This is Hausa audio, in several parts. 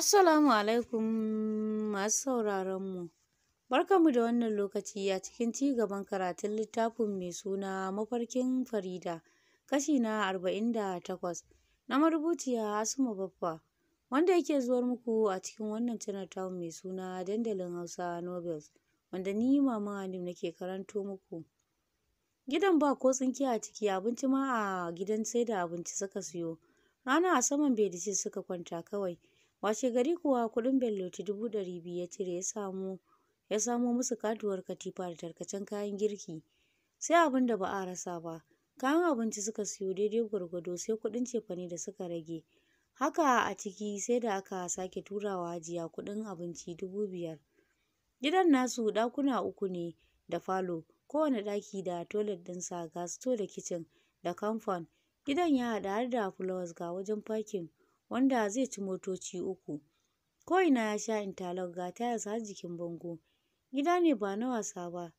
Assalamu alaikum masu sauraron mu. Barkanmu da wannan lokaci a cikin ci gaban karatun littafin mai suna Mafarkin Farida, kashi na arba'in da 48 na marubuciya Asma Baffa, wanda yake zuwar muku a cikin wannan channel tamu mai suna Dandalin Hausa Novels, wanda ni Mama Hanim nake karanto muku. Gidan ba ko tsinki a ciki abinci ma a gidan sai da abinci suka siyo. Rana a saman bedishi suka kwanta kawai. washe gari kuwa kuɗin belloti dubu ɗari biyu ya cire ya samu ya samo musu katuwar katifa da tarkacen kayan girki sai abin da ba a rasa ba kayan abinci suka siyo daidai gwargwado sai kuɗin cefane da suka rage haka a ciki sai da aka sake turawa hajiya kuɗin abinci dubu biyar gidan nasu ɗakuna uku ne da falo kowane ɗaki da toilet ɗinsa ga sito da kicin da kamfan gidan ya haɗa har da flowers ga wajen parking wanda zai ci motoci uku. Ko'ina ya sha intalok ga tayarsa har jikin bango. Gida ne ba na wasa ba.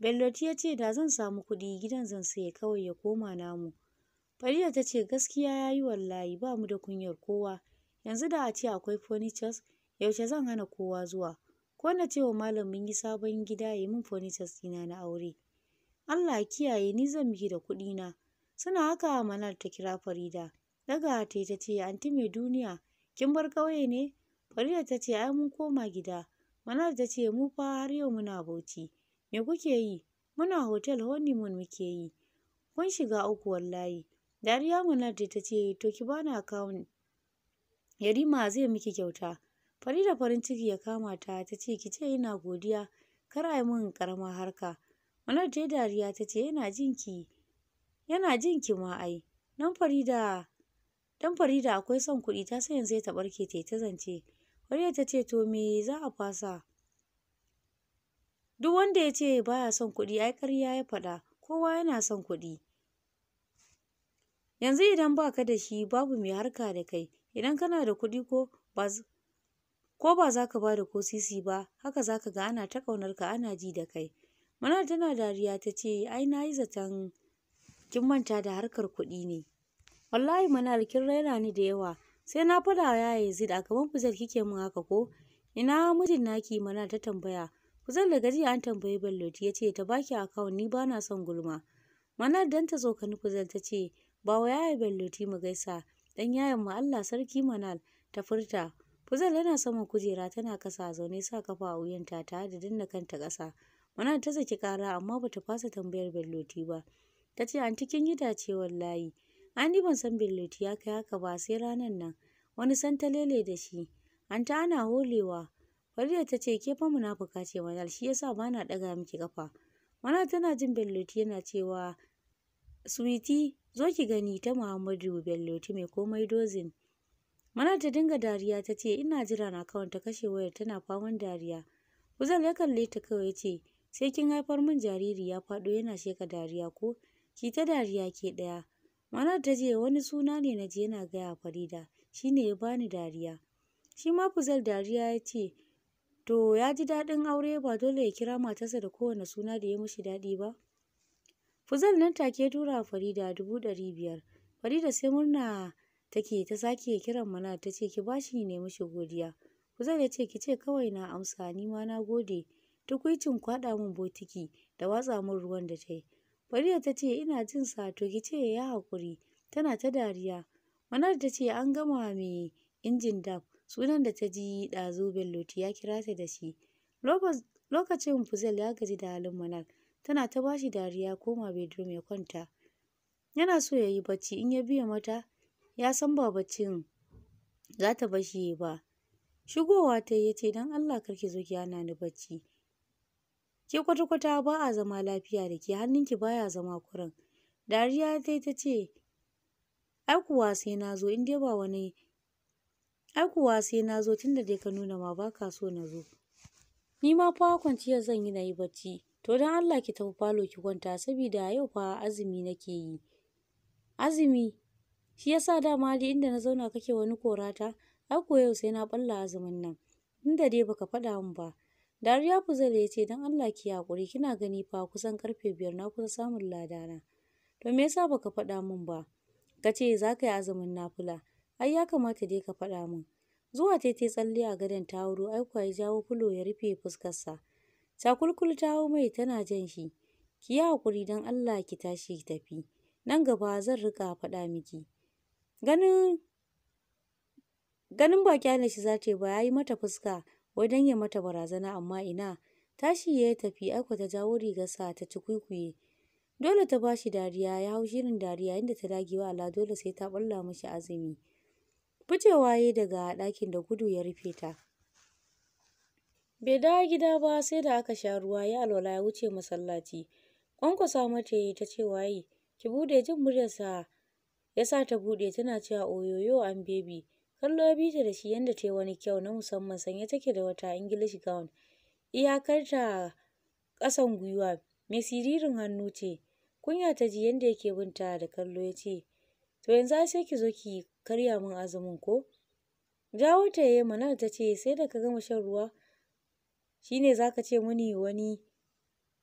Belloti ya ce da zan samu kuɗi gidan zan saye kawai ya koma namu. Farida ta ce gaskiya ya yi wallahi ba mu da kunyar kowa. Yanzu da a ce akwai furnitures yaushe zan hana kowa zuwa. Ko na ce wa malam mun yi sabon gida ya yi min furnitures ɗina na aure. Allah kiyaye ni zan biki da kuɗina. Suna haka Manal ta kira Farida. Daga ta ta ce, "Anti mai duniya, kin bar ƙauye ne?" Farida ta ce, "Ai mun koma gida." Manar ta ce, "Mu fa har yau muna Bauchi." "Me kuke yi?" "Muna hotel honeymoon muke yi." "Kun shiga uku wallahi." Dariya Manar ta ce, "To ki bani account." Yarima zai miki kyauta. Farida farin ciki ya kama ta ta ce, "Ki ce ina godiya, kar a yi min ƙaramar harka." Manar ta dariya ta ce, "Yana jinki, yana jinki ma ai." Nan Farida Dan Farida akwai son kuɗi ta san yanzu ta barke ta ta zance. Farida ta ce to me za a fasa? Duk wanda ya ce baya son kuɗi ai ƙarya ya faɗa kowa yana son kuɗi. Yanzu idan ba ka da shi babu mai harka da kai idan kana da kuɗi ko ba ko ba za ka ba da ko sisi ba haka za ka ga ana ta ƙaunar ka ana ji da kai. Mana tana dariya ta ce ai na yi zaton kin manta da harkar kuɗi ne. wallahi manar kin raina ni da yawa sai na faɗa wa yaya Yazid a gaban Fuzel kike min haka ko ina mijin naki manar ta tambaya Fuzel da gajiya an tambayi Belloti ya ce ta baki akawun ni bana son gulma manar dan ta kani Fuzel ta ce ba wa yaya Belloti mu gaisa dan yayan mu Allah sarki manal ta furta Fuzel yana saman kujera tana kasa zaune sa kafa a wuyanta ta da danna kanta ƙasa. Manar ta saki kara amma bata fasa tambayar Belloti ba. Ta ce anti kin yi dace wallahi. an ban san billoti ya kai haka ba sai ranar nan wani santalele da shi an ta ana holewa Farida ta ce ke fa munafuka ce wannan shi yasa ba na ɗaga miki kafa wannan tana jin belloti yana cewa suwiti zo ki gani ta Muhammadu belloti mai komai dozin mana ta dinga dariya ta ce ina jira na kawar ta kashe wayar tana faman dariya Uzal ya kalle ta kawai ce sai kin haifar min jariri ya faɗo yana sheka dariya ko ki ta dariya ke ɗaya Manar ta ce wani suna ne na ji yana gaya Farida shi ne ya bani dariya. Shi ma fuzal dariya ya ce to ya ji daɗin aure ba dole ya kira matarsa da kowane suna da ya mishi daɗi ba. fuzal nan take tura Farida dubu ɗari biyar. Farida sai murna take ta sake kiran mana ta ce ki bashi ne mishi godiya. fuzal ya ce ki ce kawai na amsa ni ma na gode. Tukuicin kwaɗa min botiki da watsa min ruwan da ta yi. Fariya ta ce, Ina jin sa, ce ya haƙuri. Tana ta dariya. Manar ta ce, An gama mai injin dab, sunan da ta ji ɗazu beloti, ya kira ta da shi. Lokacin Fuzel ya gaji da halin Manar, tana ta bashi dariya koma bedroom ya kwanta. Yana so ya yi bacci in ya biya mata, ya san ba baccin za ta bashi ba. Shigowa ta yi ya ce, Don Allah karki zo ki hana ni bacci. Ke kwata-kwata ba a zama lafiya da ke hannunki baya zama kurin Dariya ta ta ce, Ai kuwa sai na zo in dai ba wani Ai sai na zo tunda dai ka nuna ma ba ka so na zo. Ni ma fa kwanciya zan yi na yi bacci. To don Allah ki tafi falo ki kwanta sabida yau fa azumi nake yi. Azumi shi yasa dama dai inda na zauna kake wani korata. Ai yau sai na ɓalla azumin nan. Tunda dai baka faɗa min ba. Dariya fuzal ya ce, don Allah ki haƙuri, kina gani fa kusan karfe biyar na kusa samun ladana. To me yasa baka faɗa min ba? Ka ce za ka yi azumin nafula. Ai ya kamata dai ka faɗa min. Zuwa ta ta tsalle a gadon ta wuro ai kuwa ya jawo fulo ya rufe fuskarsa. Cakulkul ta hau mai tana jan shi. Ki yi haƙuri don Allah ki tashi ki tafi. Nan gaba zan riƙa faɗa miki. Ganin ganin ba kyale shi za ta ba ya yi mata fuska wai ya mata barazana amma ina tashi ya tafi aiko ta jawo rigarsa ta ci kwikwiye dole ta bashi dariya ya hau shirin dariya inda ta dage wa Allah dole sai ta balla mashi azumi ficewa ya daga ɗakin da gudu ya rufe ta bai dawo gida ba sai da aka sha ruwa ya alwala ya wuce masallaci kwankwasa mata yi ta ce waye ki bude jin muryarsa ya sa ta bude tana cewa oyoyo an bebi Kallo ya bi da shi yadda ta yi wani kyau na musamman sanye take da wata English gown. Iyakarta kasan gwiwa, mai siririn hannu ce. Kunya ta ji yadda yake binta da kallo ya ce, To yanzu ki zo ki karya min azumin ko? Jawo ta yayi mana ta ce sai da ka gama shan ruwa shine zaka ce mini wani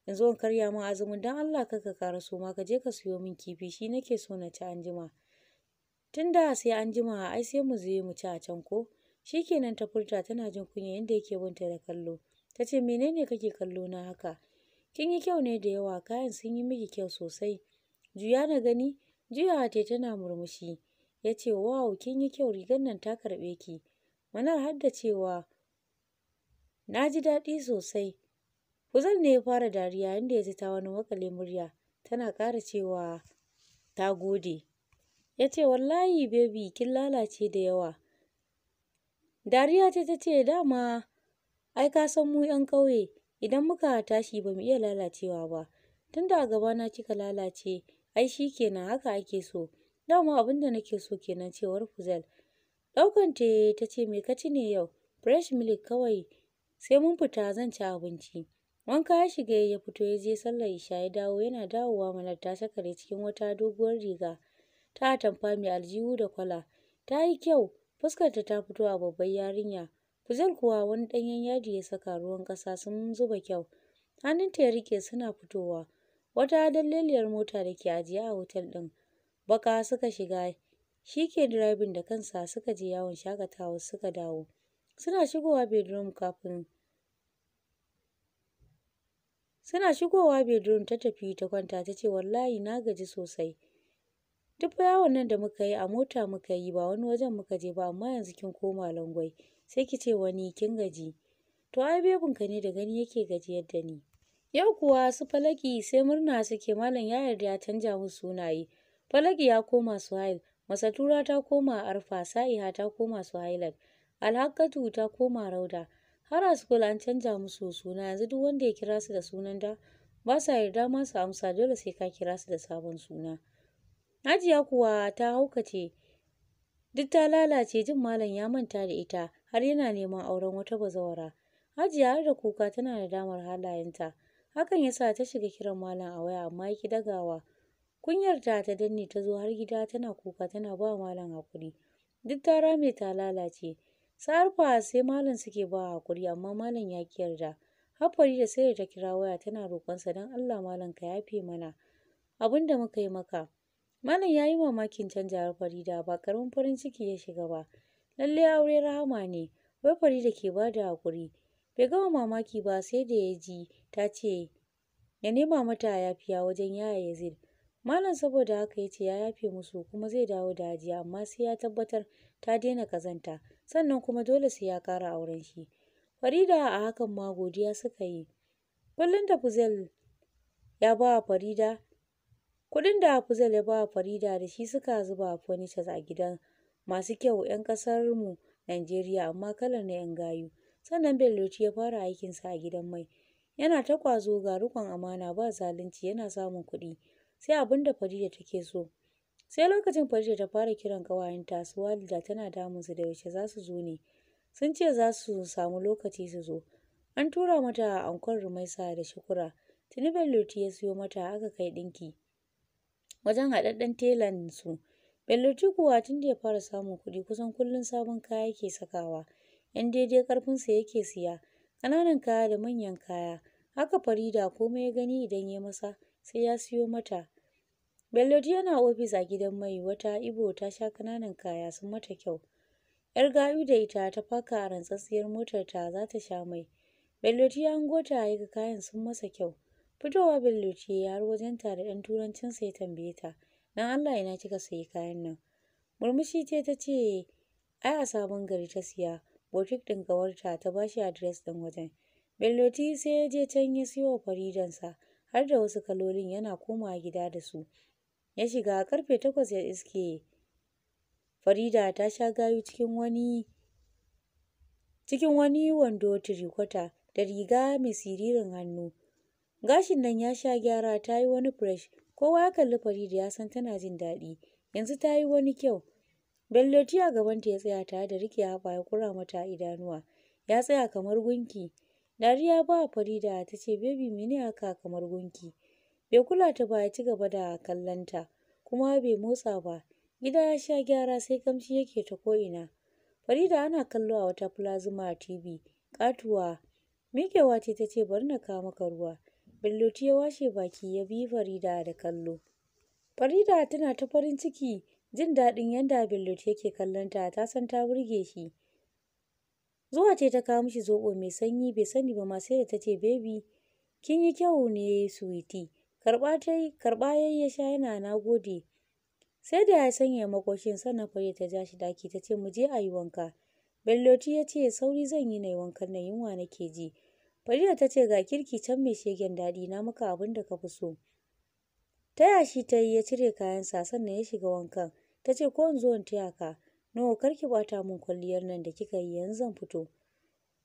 yanzu in karya min azumin dan Allah kar ka karaso ma ka je ka siyo min kifi shi nake so na ci anjima. Tun da sai an jima ai sai mu je mu ci a can ko? Shi kenan ta furta tana jin kunya yadda yake binta da kallo. Ta ce menene kake kallo na haka? Kin yi kyau ne da yawa kayan sun yi miki kyau sosai. Juya na gani, juyawa te tana murmushi. Ya ce wow kin yi kyau rigar nan ta karɓe ki. Manar har da cewa na ji daɗi sosai. Kuzan ne ya fara dariya inda ya ji ta wani maƙale murya tana ƙara cewa ta gode. ya ce wallahi baby kin lalace da yawa. Dariya ce ta ce dama ai ka san mu 'yan ƙauye idan muka tashi ba mu iya lalacewa ba tunda a na kika lalace ai shi kenan haka ake so dama abin da nake so kenan cewar Fuzel. Ɗaukan te ta ce me ka ci ne yau fresh milk kawai sai mun fita zan ci abinci. Wanka ya shiga ya fito ya je sallar isha ya dawo yana dawowa malar ta sakare cikin wata doguwar riga ta tamfa mai aljihu da kwala. Ta yi kyau, fuskarta ta fito a babbar yarinya. Fuzel kuwa wani ɗanyen yadi ya saka ruwan ƙasa sun zuba kyau. Hannunta ya rike suna fitowa. Wata dalleliyar mota da ke ajiye a hotel ɗin. Baka suka shiga, shi ke direbin da kansa suka je yawon shakatawa suka dawo. Suna shigowa bedroom kafin Suna shigowa bedroom ta tafi ta kwanta ta ce wallahi na gaji sosai. Duk yawon nan da muka yi a mota muka yi ba wani wajen muka je ba amma yanzu kin koma Langwai sai ki ce wani kin gaji. To ai ka ne da gani yake gajiyar da ni. Yau kuwa su Falaki sai murna suke malam ya yarda ya canja musu sunaye. Falaki ya koma Suhail, Masatura ta koma Arfa, Sa'iha ta koma Suhailat, alhakatu ta koma Rauda. Har a school an canja musu suna yanzu duk wanda ya kira su da sunan da ba sa yarda ma su amsa dole sai ka kira su da sabon suna. Hajiya kuwa ta haukace duk ta lalace jin malam ya manta da ita har yana neman auren wata bazawara. Hajiya har da kuka tana da damar halayenta. Hakan ya sa ta shiga kiran malam a waya amma ya ƙi dagawa. Kunyarta ta danne ta zo har gida tana kuka tana ba malam hakuri. Duk ta rame ta lalace. Sarfa sai malam suke ba hakuri, amma malam ya ki yarda. Hafari da sai da ta kira waya tana roƙonsa don Allah malam ka yafe mana abin da muka yi maka. Malam ya yi mamakin canjawar Farida ba ƙaramin farin ciki ya shiga ba. Lallai aure rahama ne, wai Farida ke ba da haƙuri. Bai gama mamaki ba sai da ya ji ta ce ya nema mata yafiya wajen yaya Yazid. Malam saboda haka ya ce ya yafe musu kuma zai dawo da Hajiya amma sai ya tabbatar ta daina kazanta sannan kuma dole sai ya ƙara auren shi. Farida a hakan ma godiya suka yi. Kullum da Fuzel ya ba wa Farida Kudin da Hafizat ya ba Farida da shi suka zuba furnitures a gidan masu kyau 'yan mu Najeriya amma kalar na 'yan gayu, sannan Bello ya fara aikin sa a gidan mai, yana ta kwazo ga rukun amana ba zalunci yana samun kuɗi, sai abinda da Farida take so. Sai lokacin Farida ta fara kiran ƙawayen su Walida tana su da yaushe za su zo ne, sun ce za su samu lokaci su zo. An tura mata ankon Rumaisa da Shukura, tuni Bello ya siyo mata aka kai ɗinki. wajen haɗaɗɗen telan su. Bello kuwa tun da ya fara samun kuɗi kusan kullum sabon kaya yake sakawa, ‘yan daidai ƙarfinsa yake siya, ƙananan kaya da manyan kaya. Haka Farida komai ya gani idan ya masa sai ya siyo mata. Bello yana ofis a gidan mai wata Ibo ta sha ƙananan kaya sun mata kyau. ‘Yar gayu da ita ta faka a rantsasiyar motar ta za ta sha mai. Bello ya ta ya ga kayan sun masa kyau. Fitowa Bello ya har wajen da ɗan Turancinsa ya tambaye ta, “Don Allah ina kika sayi kayan nan?” Murmushi ce ta ce, “Ai a Sabon Gari ta siya, botik ɗin ƙawarta ta ba shi adires ɗin wajen.” Bello sai ya je can ya siyo wa Faridansa har da wasu kalolin yana komawa gida da su. Ya shiga karfe takwas ya iske Farida ta sha gayu cikin wani cikin wani wando tirikwata da riga mai siririn hannu. Gashin nan ya sha gyara ta yi wani fresh, kowa ya kalli Farida ya san tana jin daɗi, yanzu ta yi wani kyau. Belloti a gabanta ya tsaya tare da riƙe haɓa ya kura mata idanuwa, ya tsaya kamar gunki. Dariya ba Farida ta ce bebi mene haka kamar gunki. Bai kula ta ba ya ci gaba da kallonta kuma bai motsa ba. Gida ya sha gyara sai kamshi yake ta ko'ina. Farida ana kallo a wata plasma TV, katuwa. Mikewa ce ta ce bari na kawo maka ruwa. Bullut ya washe baki ya bi Farida da kallo. Farida tana ta farin ciki jin daɗin yadda Bullut yake kallonta ta san ta burge shi. Zuwa ce ta kawo mishi zoɓo mai sanyi bai sani ba masu sai da ta ce baby kin yi kyau ne sweetie karɓa tai karɓa yayi ya sha yana na gode Sai da ya sanya makoshin sannan Farida ta ja shi daki ta ce mu je a yi wanka. Belloti ya ce sauri zan yi na yi wankan nan yunwa nake ji. Farida ta ce ga kirki can mai shegen daɗi na maka abin da ka fi so. Ta ya shi ta yi ya cire kayansa sannan ya shiga wankan. Ta ce ko in zo in taya ka nawa kar ki bata min kwalliyar nan da kika yi yanzu zan fito.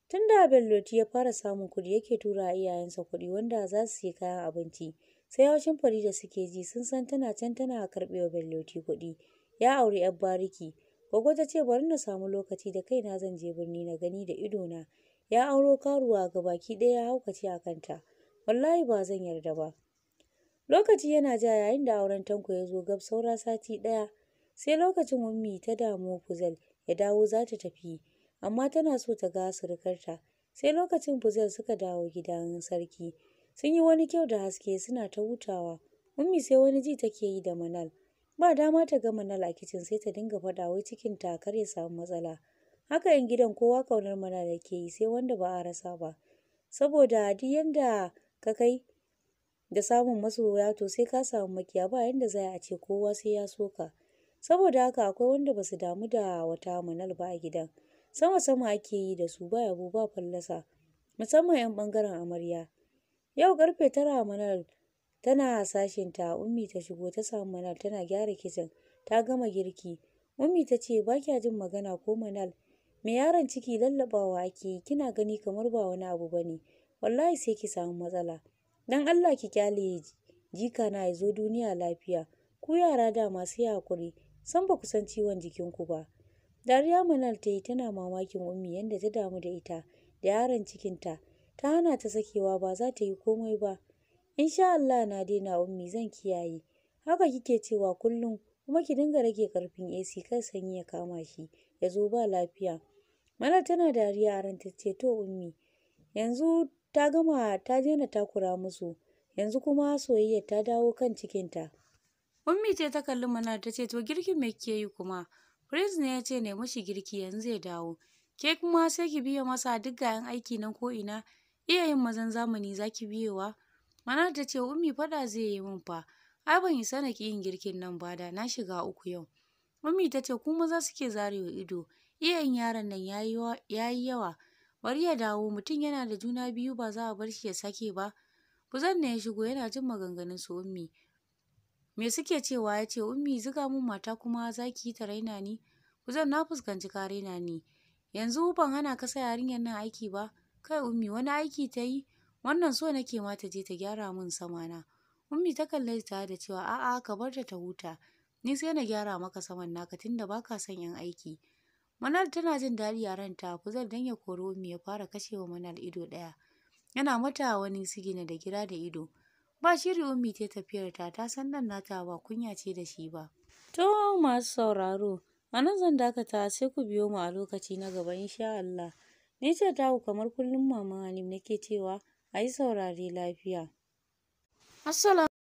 Tun da Belloti ya fara samun kuɗi yake tura iyayensa kuɗi wanda za su yi kayan abinci. Sai haushin Farida suke ji sun san tana can tana karɓe karɓewa Belloti kuɗi. Ya auri 'yar bariki. Gwaggo ta ce bari na samu lokaci da kaina zan je birni na gani da idona ya auro karuwa ga baki ɗaya ya haukace a kanta wallahi ba zan yarda ba lokaci yana ja yayin da auren tanko ya zo gab saura sati ɗaya sai lokacin ummi ta damu fuzel ya dawo za ta tafi amma tana so ta ga surukarta sai lokacin fuzel suka dawo gidan sarki sun yi wani kyau da haske suna ta hutawa ummi sai wani ji take yi da manal ba dama ta ga manal a kicin sai ta dinga faɗa wai cikin ta kar ya samu matsala haka yan gidan kowa kaunar mana da ke yi sai wanda ba a rasa ba saboda duk yanda ka kai da samun masoya to sai ka samu makiya ba yanda za a ce kowa sai ya so ka saboda haka akwai wanda ba su damu da wata manal ba a gidan sama sama ake yi da su ba yabo ba fallasa musamman 'yan bangaren amarya yau karfe tara manal tana sashin ta ummi ta shigo ta samu manal tana gyara kicin ta gama girki ummi ta ce ba kya jin magana ko manal Me yaron ciki lallabawa ake yi kina gani kamar ba wani abu ba ne? wallahi sai ki samu matsala. Dan Allah ki kyale jika na ya zo duniya lafiya. Ku yara da masu sai hakuri san ba ku san ciwon jikinku ba. Dariya Manal ta yi tana mamakin Ummi yadda ta damu da ita da yaron cikinta ta hana ta sakewa ba za ta yi komai ba. Insha Allah na daina Ummi zan kiyaye. Haka kike cewa kullum kuma ki dinga rage ƙarfin AC kar sanyi ya kama shi. ya zo ba lafiya. Manar tana dariya a ranta ce to ummi yanzu ta gama ta daina takura musu yanzu kuma soyayya ta dawo kan cikinta. Ummi ce ta kalli Manar ta ce to girkin me kike yi kuma? Prince ne ya ce ne mashi girki yanzu ya dawo. Ke kuma sai ki biya masa duk gayan aiki na ko ina yin mazan zamani za ki biyewa. Manar ta ce ummi faɗa zai yi min fa. Ai ban yi sanaki yin girkin nan ba da na shiga uku yau. Ummi ta ce ku maza suke zarewa ido, iyayen yaron nan ya yi yawa, bari ya dawo mutum yana da juna biyu ba za a bar shi ya sake ba. Kuzan na ya shigo yana jin maganganun su ummi. Me suke cewa ya ce ummi zuga mun mata kuma za ki yi ta raina ni? Kuzan na fuskanci ka raina ni. Yanzu ban hana ka sa yarinyar nan aiki ba, kai ummi wani aiki ta yi? Wannan so nake ma ta je ta gyara mun samana. Ummi ta kalle ta da cewa a'a ka barta ta huta. Ni sai na gyara maka saman naka tunda ba ka son yan aiki. Manal tana jin daɗi a ranta, Fuzal dan ya koro mu ya fara kashewa Manal ido ɗaya. Yana mata wani sigina da gira da ido. Ba shiri Ummi ta tafiyar ta, ta san nan nata ba kunya ce da shi ba. To masu sauraro, a nan zan dakata sai ku biyo mu a lokaci na gaba insha Allah. Ni ce ku kamar kullum Mama Halim nake cewa a yi saurare lafiya. Assalamu